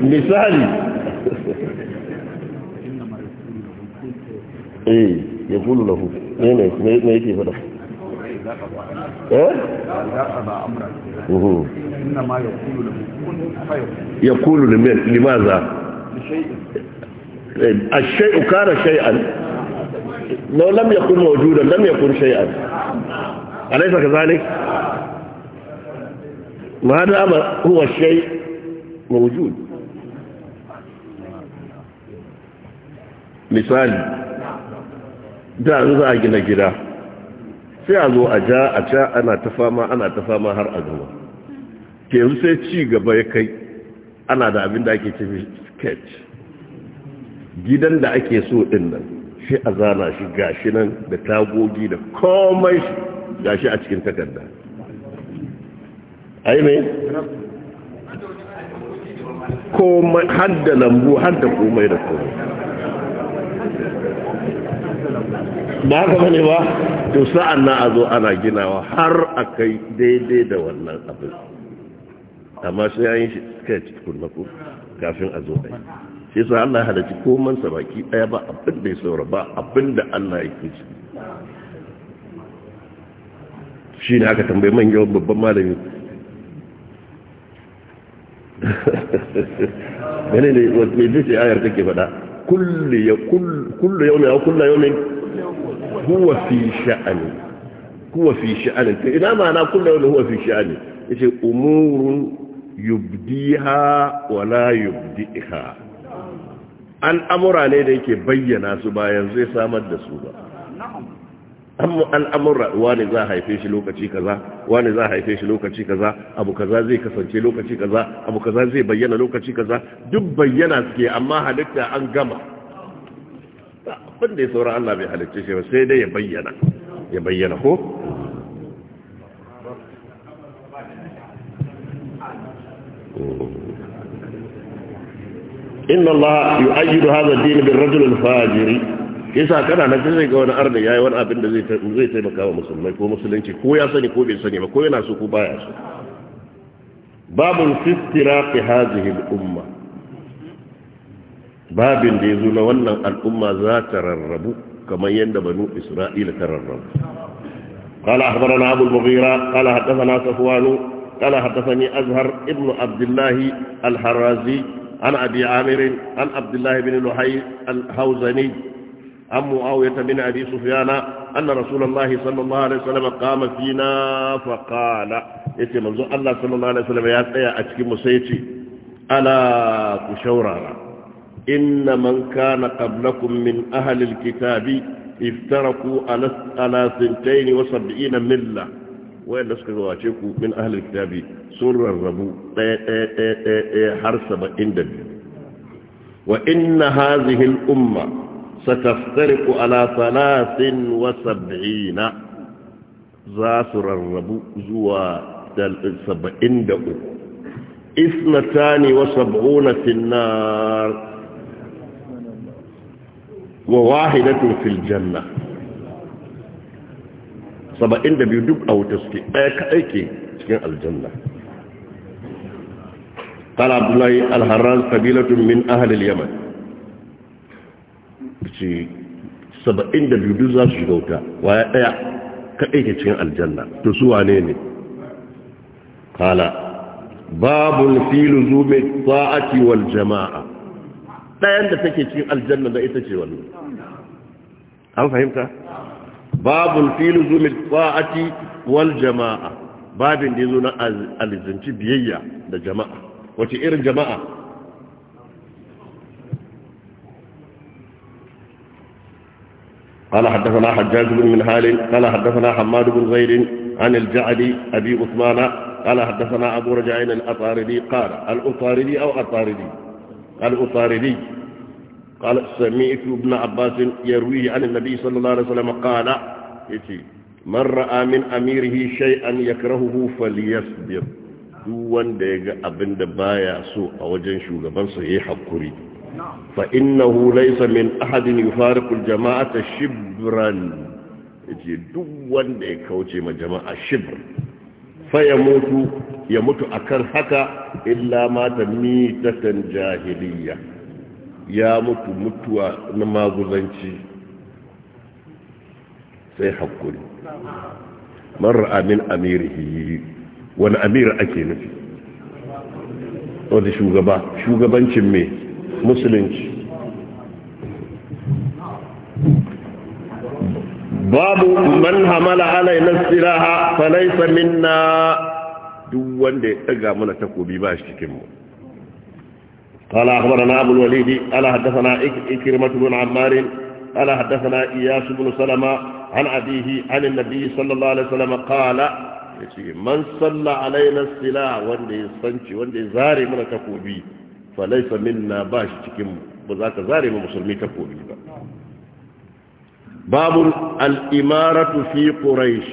S2: misali
S1: eh ya kulu lahu ne ne ne yake fada
S2: eh ya kulu
S1: limaza
S2: الشيء كان شيئا لو لم يكن موجودا لم يكن شيئا أليس كذلك ما الأمر هو الشيء موجود
S1: مثال da an za a gina gida sai a zo a ja a ja ana ta fama ana ta fama har a gama ke sai ci gaba ya kai ana da abin da ake state gidan da ake so din nan shi a zana shi gashi nan da tagogi da komai gashi a cikin takarda ai mai komai har da lambu har da komai da komai ba ka bane ba to sa'an na a zo ana ginawa har a kai daidai da wannan abin amma sai an yi sketch tukun kuma kafin a zo ɗaya sai sa Allah halarci komansa baki ɗaya ba abin da ya saura ba abin da Allah ya kuci shi ne aka tambayi manyan babban malami gane ne me dace ayar take faɗa kullu ya kullu yau mai kullu yau ne huwa fi sha'ani huwa fi sha'ani ina ma na kullu yau huwa fi sha'ani yace umurun yubdiha wala yubdiha al'amura ne da yake bayyana su bayan zai samar da su ba al'amura wani za a haife shi lokaci kaza wani za a haife shi lokaci kaza abu kaza zai kasance lokaci kaza abu kaza zai bayyana lokaci kaza duk bayyana suke amma halitta an gama abin da ya sauran Allah bai halitta shi ba sai dai ya bayyana ya bayyana ko Mm. inna Allah يؤيد هذا الدين بالرجل bil rajul kana nan sai ga wani arda yayi wani abin da zai zai taimaka wa musulmai ko musulunci ko ya sani ko bai sani ba ko yana so ko baya so babun fistiraqi hadhihi al-umma babin da yazo na wannan al'umma za ta rarrabu kamar yadda banu isra'ila ta rarrabu قال abu al-mughira qala hadathana صفوان قال حدثني أزهر ابن عبد الله الحرازي عن أبي عامر عن عبد الله بن لحي الحوزني عن معاوية بن أبي سفيان أن رسول الله صلى الله عليه وسلم قام فينا فقال يتي منذ الله صلى الله عليه وسلم يا أتكي مسيتي ألا كشورارا إن من كان قبلكم من أهل الكتاب افترقوا على ثنتين وسبعين ملة wayanda suka gawace ku min ahlul kitabi sun rarrabu ɗaya ɗaya ɗaya ɗaya ɗaya har saba'in da biyu wa inna hazihi al-umma sataftariqu ala thalathin wa sab'ina za su rarrabu zuwa saba'in da uku اثنتان وسبعون في النار وواحدة في الجنة saba'in da biyu duk a wuta suke ɗaya ka ke cikin aljanna Abdullahi, alharar عبد min ahalil yaman ce Saba'in da biyu duk za su shiga wuta waya ɗaya ka ke cikin aljanna to su wane ne kala babun filu zume sa'aki wal jama'a ɗayan da take cikin aljanna da ita ce wannan an fahimta باب في لزوم الطاعة والجماعة باب يزون الزنتي بيئة وتي ايرن الجماعة قال حدثنا حجاج بن منهال قال حدثنا حماد بن زيد عن الجعدي أبي عثمان قال حدثنا أبو رجعين الأطاردي قال الأطاردي أو أطاردي الأطاردي قال سمعت ابن عباس يرويه عن النبي صلى الله عليه وسلم قال يتي من رأى من أميره شيئا يكرهه فليصبر duk wanda ya ga abin da baya so a wajen shugabansa ya yi haƙuri fa innahu laysa min ahadin yufariqu al-jama'ata shibran yace duk wanda ya kauce ma jama'a shibr fa ya mutu ya mutu akan haka illa ma tamita jahiliyya ya mutu mutuwa na maguzanci sai haƙuri marar amin amirihi wani amir ake nufi wani shugaba shugabancin mai musulunci
S2: babu man hamala alai nasiraha falaisa minna
S1: duk wanda ya ɗaga mana takobi ba shi cikinmu قال أخبرنا أبو الوليد ألا حدثنا إكرمة بن عمار ألا حدثنا إياس بن سلمة عن أبيه عن النبي صلى الله عليه وسلم قال من صلى علينا السلاح وندي صنشي وندي زاري من تقوبي فليس منا باش تكم بذاك زاري من مسلمي تقوبي باب الإمارة في قريش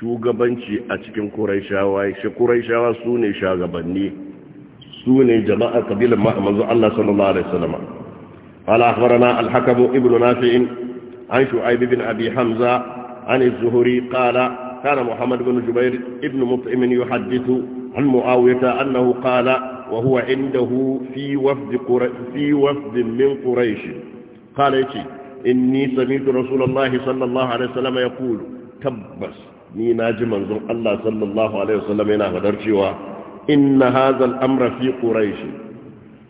S1: shugabanci أتكم قريشا واي شو قريشا su شا shagabanni su ne jama'ar kabilan ma'amazu Allah sallallahu Alaihi wasallam ala akhbarana al ibn nafi'in an shu'aib ibn abi hamza an az-zuhri qala kana muhammad ibn jubair ibn mut'im yuhaddithu an mu'awiyah annahu qala wa huwa indahu fi wafd quraish fi wafd min quraish qala yati inni sami'tu rasulullahi sallallahu alaihi wasallam yaqulu tabbas ni naji manzon allah sallallahu alaihi wasallam yana hadarciwa inna haza amra fi quraishi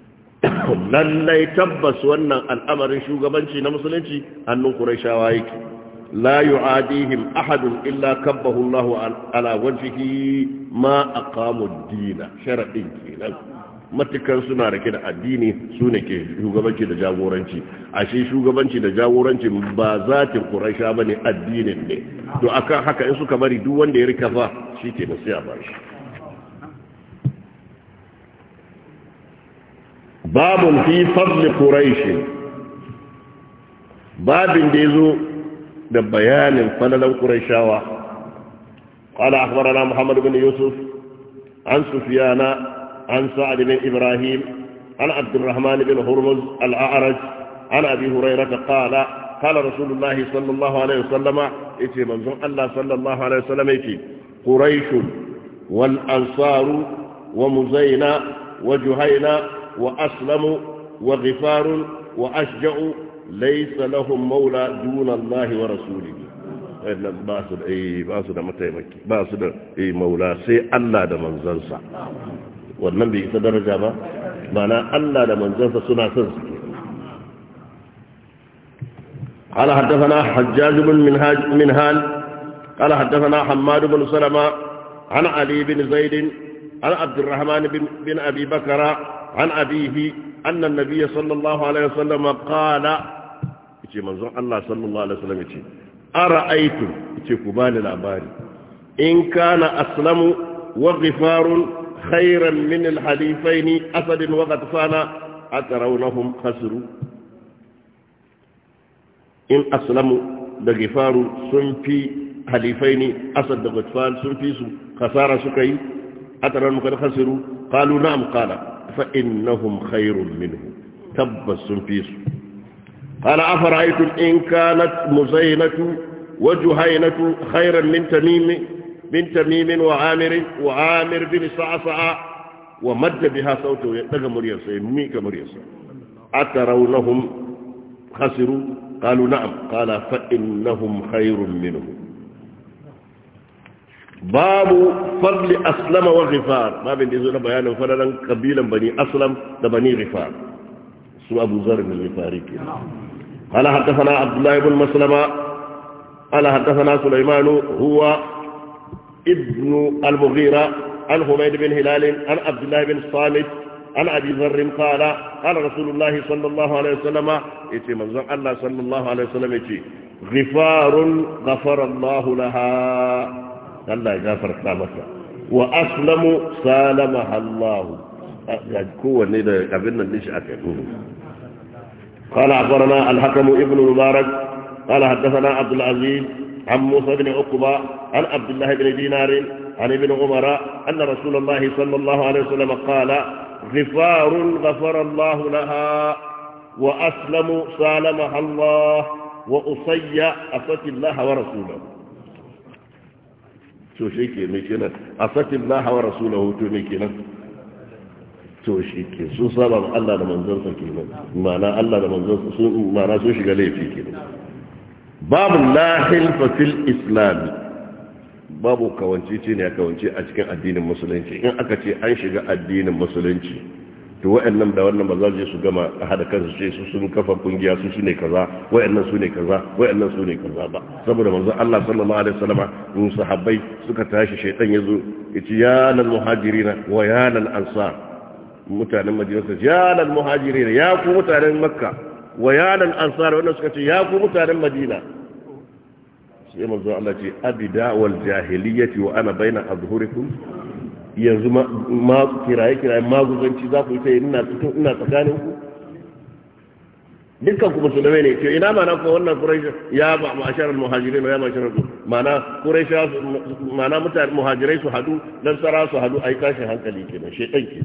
S1: lallai tabbas wannan al'amarin shugabanci na musulunci hannun quraishawa yake la yu'adihim ahadun illa kabbahu Allah ala wajhihi ma aqamu ad-din sharadin kenan matukan suna rake da addini su ne ke shugabanci da jagoranci ashe shugabanci da jagoranci ba zatin ba ne addinin ne to akan haka in suka bari duk wanda ya rika fa shi ke nasiya ba shi babun fi fadli Kuraishi babin da da bayanin falalan quraishawa qala akhbarana muhammad bin yusuf an Sufiyana, an sa'd bin ibrahim an abd الرحمن بن هرمز الأعرج عن أبي هريرة قال قال رسول الله صلى الله عليه وسلم إتي منظر الله صلى الله عليه وسلم إتي قريش والأنصار ومزينة وجهينة وأسلم وغفار وأشجع ليس لهم مولى دون الله ورسوله إن باسد أي باسد متي مكي باسد أي مولى سي الله دا منزلسا والنبي يتدر جابا معنى الله دا منزلسا سنة سنسك
S2: قال حدثنا حجاج
S1: بن منهاج من هان قال حدثنا حماد بن سلمى عن علي بن زيد عن عبد الرحمن بن أبي بكر عن أبيه أن النبي صلى الله عليه وسلم قال يتي منظر الله صلى الله عليه وسلم يتي أرأيتم يتي كبان العباري إن كان أسلم وغفار خيرا من الحليفين أسد وغطفان أترونهم خسروا in aslamu da gifaru sun fi halifai ne asad da gutfal sun fi su kasara suka yi a tarar muka da khasiru kalu na'am kala فإنهم خير منه تبس في قال أفرأيتم إن كانت مزينة وجهينة خيرا من تميم من تميم وعامر وعامر بن صعصع ومد بها صوته يدغ مريسا يميك مريسا أترونهم خسروا قالوا نعم قال فإنهم خير منهم babu fadli aslama wa rifar babin da zuwa bayanin fadaran kabilan bani aslam da bani rifar su abu zar mai rifari ke ala haddafana abdullahi bin maslama ala haddafana sulaimanu huwa ibnu al-mughira an humaid bin hilalin an abdullahi bin samit an abi zarrin fara an rasulullahi sallallahu alaihi wasallama ya ce manzon allah sallallahu alaihi wasallama ya ce rifarun gafarar lahulaha الله ya gafarta masa wa aslamu salamaha Allah ya قبلنا da قال أخبرنا الحكم ابن مبارك قال حدثنا عبد العزيز عن موسى بن عقبة عن عبد الله بن دينار عن ابن عمر أن رسول الله صلى الله عليه وسلم قال غفار غفر الله لها وأسلم سالمها الله وأصي أفت الله ورسوله to shi ke mai kenan a satin na hawa rasulahu hoto mai kenan to shi ke sun saba ma Allah da manzansa kenan mana Allah da manzansa sun mana sun shiga laifi kenan babu lahil fil islami babu kawance ce ne ya kawance a cikin addinin musulunci in aka ce an shiga addinin musulunci to wa'annan da wannan ba za su su gama a hada kansu ce su sun kafa kungiya su shine kaza wa'annan su ne kaza wa'annan su ne kaza ba saboda manzon Allah sallallahu alaihi wasallam mun sahabbai suka tashi shaytan yazo yace ya lal muhajirina wa ya lal ansar mutanen madina su ya lal muhajirina ya ku mutanen makka wa ya lal ansar wannan suka ce ya ku mutanen madina sai manzon Allah ce abida wal jahiliyyati wa ana baina azhurikum yanzu ma kiraye kiraye maguzanci za ku yi ta ina tutun ina tsakanin ku dukkan kuma musulmai ne ce ina mana ko wannan quraish ya ba ma'asharal muhajirin ya ma'asharal mana quraish mana mutane muhajirai su hadu dan tsara su hadu ai kashin hankali ke nan shedan ke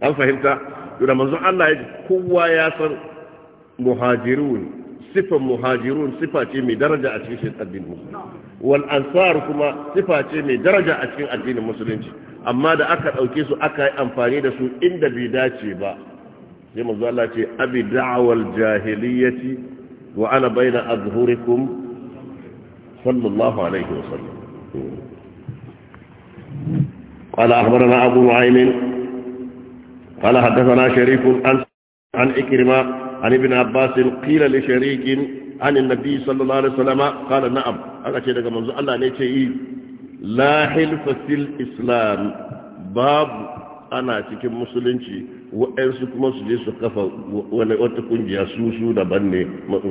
S1: an fahimta to da manzon Allah ya kowa ya san muhajirun sifan muhajirun sifa ce mai daraja a cikin addinin musulunci wal ansar kuma sifa ce mai daraja a cikin addinin musulunci amma da aka ɗauke su aka yi amfani da su inda bai dace ba sai manzo Allah ce abi da'wal jahiliyyati wa ana baina azhurikum sallallahu alaihi wasallam قال أخبرنا أبو معين قال حدثنا شريك عن عن إكرمة عن ابن عباس قيل لشريك عن النبي صلى الله na'am aka ce daga هذا شيء ne ce نيتي lahil fasil fil islam babu ana cikin musulunci waɗansu kuma su je su kafa wani wata kungiya su su daban ne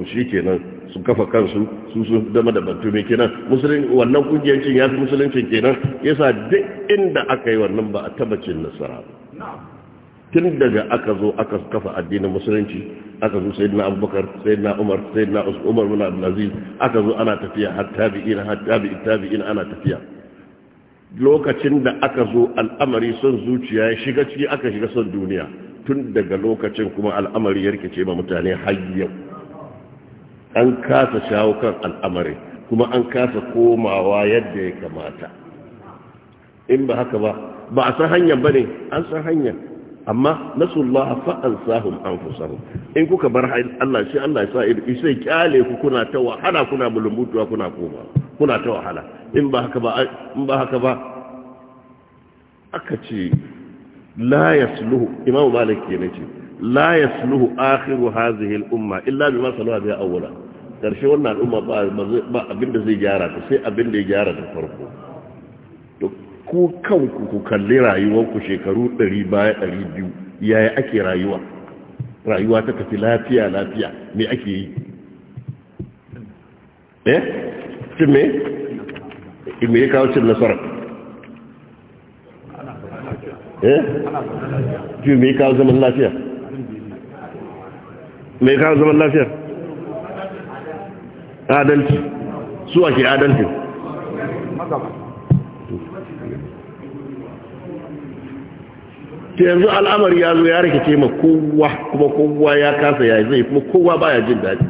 S1: shi kenan su kafa kansu su su dama da bantu mai kenan wannan cin ya fi musuluncin kenan yasa duk inda aka yi wannan ba a tabbacin nasara tun daga aka zo aka kafa addinin musulunci aka zo sai na abubakar sai na umar sai na umar muna abdulaziz aka zo ana tafiya har tabi'ina har tabi'in tabi'in ana tafiya lokacin da aka zo al'amari son zuciya ya shiga ciki aka shiga son duniya tun daga lokacin kuma al'amari ya rikice ma mutane har an kasa shawo kan al'amari kuma an kasa komawa yadda ya kamata in ba haka ba ba a san hanyar ba ne an san hanyar amma nasullah an anfusahum in kuka bar Allah shi Allah ya sa sai kyale ku kuna ta wahala kuna bulumbutuwa kuna koma kuna ta wahala in ba haka ba in ba haka ba aka ce la yasluhu imamu malik yana ce la yasluhu akhiru hadhihi al-umma illa bima salaha biha awwala karshe wannan umma ba abinda zai gyara ta sai abinda ya gyara ta farko ko kanku ku kalli rayuwarku shekaru 100 baya 200 yaya ake rayuwa rayuwa ta tafi lafiya lafiya me ake yi eh ce me me ya kawo cin nasara
S2: eh cin me ya kawo zaman lafiya
S1: me ya kawo zaman lafiya adalci su ake adalci to yanzu al'amari ya zo ya rikice ma kowa kuma kowa ya kasa ya zai kuma kowa baya jin daɗi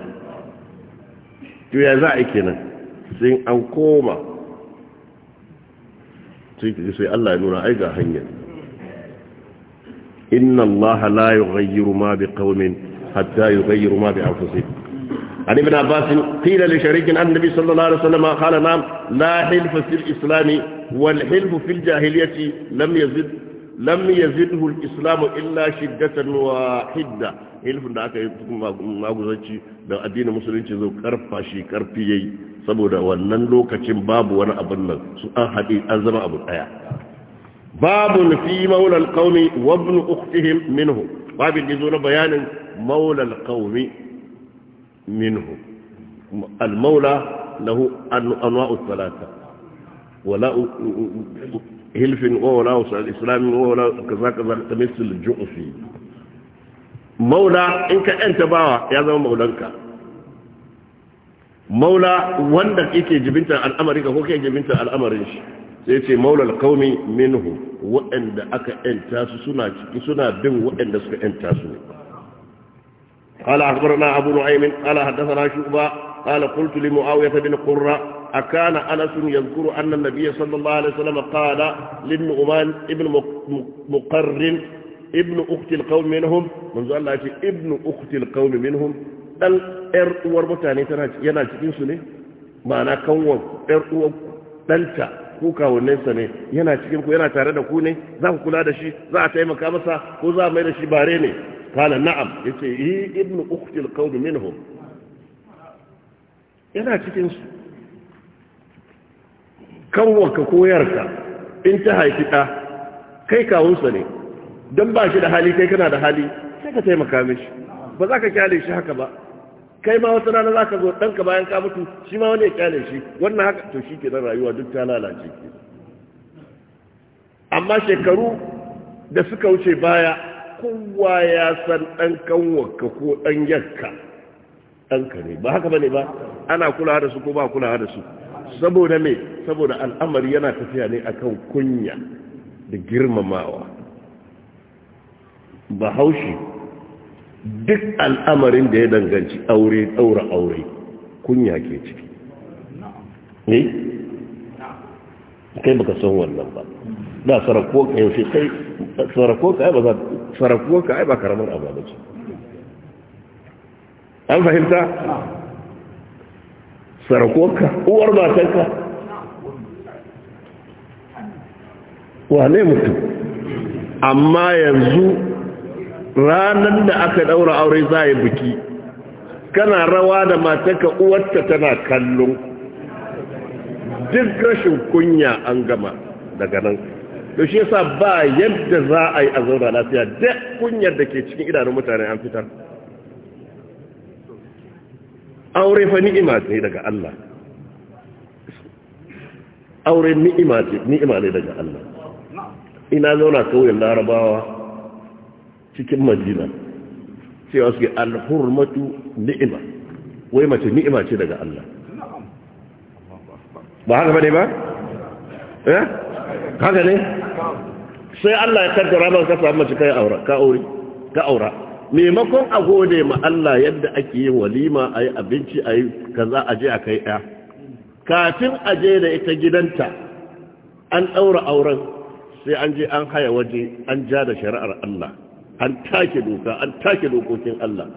S1: to ya za a kenan sai an koma sai Allah ya nuna ai ga hanyar inna Allah la yughayyiru ma biqaumin hatta yughayyiru ma bi anfusihim عن ابن عباس قيل لشريك عن النبي صلى الله عليه وسلم قال نعم لا حلف في الإسلام والحلف في الجاهلية لم يزد lam yazidhu al-islam illa shiddatan wahida ilfin da aka yi maguzanci da addinin musulunci zo karfa shi karfi yayi saboda wannan lokacin babu wani abin nan su an haɗi an zama abu ɗaya babu fi maulal qaumi wa ibn ukhtihim minhu babu da zo na bayanin maulal qaumi minhu al maula lahu anwa'u thalatha wala hilfin wawara wasu al'islami wawara ka za ka zarta maula in ka yanta bawa ya zama maulanka maula wanda kike jibinta al'amari ka kuka jibinta al'amarin shi sai ce maula alkaumi minhu waɗanda aka yanta suna bin waɗanda suka yanta su ne قال أخبرنا أبو نعيم قال حدثنا شعبة قال قلت لمعاوية بن قرة أكان أنس يذكر أن النبي صلى الله عليه وسلم قال للنعمان ابن مقرن ابن أخت القوم منهم منذ الله ابن أخت القوم منهم ɗan ‘yar uwar mutane yana cikinsu ne ma'ana kanwon ‘yar uwar ɗanta ko ne yana cikin ku yana tare da ku ne za ku kula da shi za a taimaka masa ko za a mai da shi bare ne kala na'am ya ce yi ibn uktil qawmi minhum yana cikinsu kanwanka koyarka in ta haifi ɗa kai kawunsa ne don ba shi da hali kai kana da hali sai ka taimaka mishi ba za ka kyale shi haka ba kai ma wata rana za ka zo ɗanka bayan ka mutu shi ma wani ya kyale shi wannan haka to shi ke nan rayuwa duk ta lalace ke amma shekaru da suka wuce baya kowa ya san ɗan kanwanka ko ɗan yanka ɗanka ne ba haka ba ne ba ana kula da su ko ba kulawa da su saboda me saboda al'amari yana tafiya ne akan kunya da girmamawa haushi duk al'amarin da ya danganci aure daura aure kunya ke ciki ne eh? kai baka san wannan ba da sarako ka yaushe kai sarako ka ba sarako ka ai ba karamar abu ba ce an fahimta sarakoka uwar matanka wane mutum amma yanzu ranar da aka daura aure za a yi biki kana rawa da matanka uwarta tana kallon duk rashin kunya an gama daga nan da shi yasa ba yadda za a yi a zaura lafiya duk kunyar da ke cikin idanun mutane an fitar aure fa ni'ima ce daga Allah aure ni'ima ce ni'ima ne daga Allah ina zauna kawai larabawa cikin madina cewa suke alhurmatu ni'ima wai mace ni'ima ce daga Allah ba haka bane ba eh haka ne sai Allah ya karkara ba ka samu mace kai aura ka aure ka aura maimakon a gode ma Allah yadda ake yin walima a yi abinci a yi kaza a je a kai ɗaya kafin a je da ita gidanta an ɗaura auren sai an je an haya waje an ja da shari'ar Allah an take doka an take dokokin Allah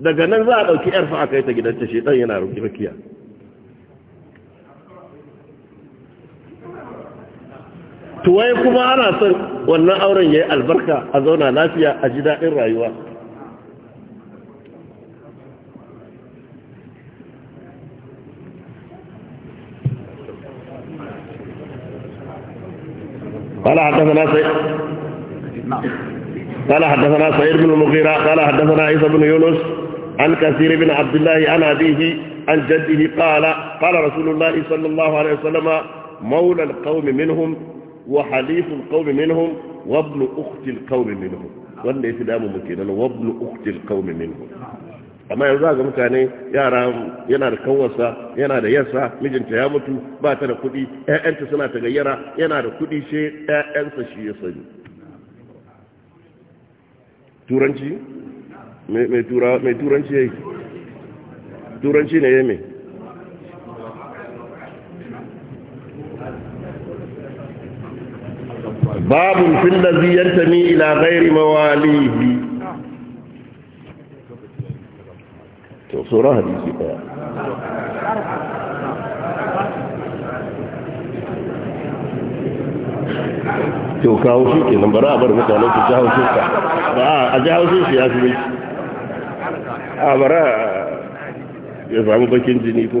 S1: daga nan za a ɗauki yarfa a kai ta gidanta shi ɗan yana rukiya to kuma ana son wannan auren yayi albarka a zauna lafiya a ji daɗin rayuwa
S2: قال حدثنا سيد قال حدثنا سعيد بن المغيرة قال حدثنا
S1: عيسى بن يونس عن كثير بن عبد الله عن أبيه عن جده قال قال رسول الله صلى الله عليه وسلم مولى القوم منهم وحليف القوم منهم وابن أخت القوم منهم wanda ya fi damu muke nan wabnu uktil qaumi minhu amma yanzu ga mutane yara yana da kawarsa yana da yarsa, mijinta ya mutu ba ta da kuɗi ƴaƴanta suna ta gayyara yana da kuɗi she ƴaƴansa shi ya sani turanci mai turanci ne
S2: turanci ne yayi mai باب في الذي ينتمي ghairi غير مواليه sauran to kawo shi ke nan bara a bar mutane su ji haushin ka ba a ji haushin shi ya
S1: fi bakin jini ko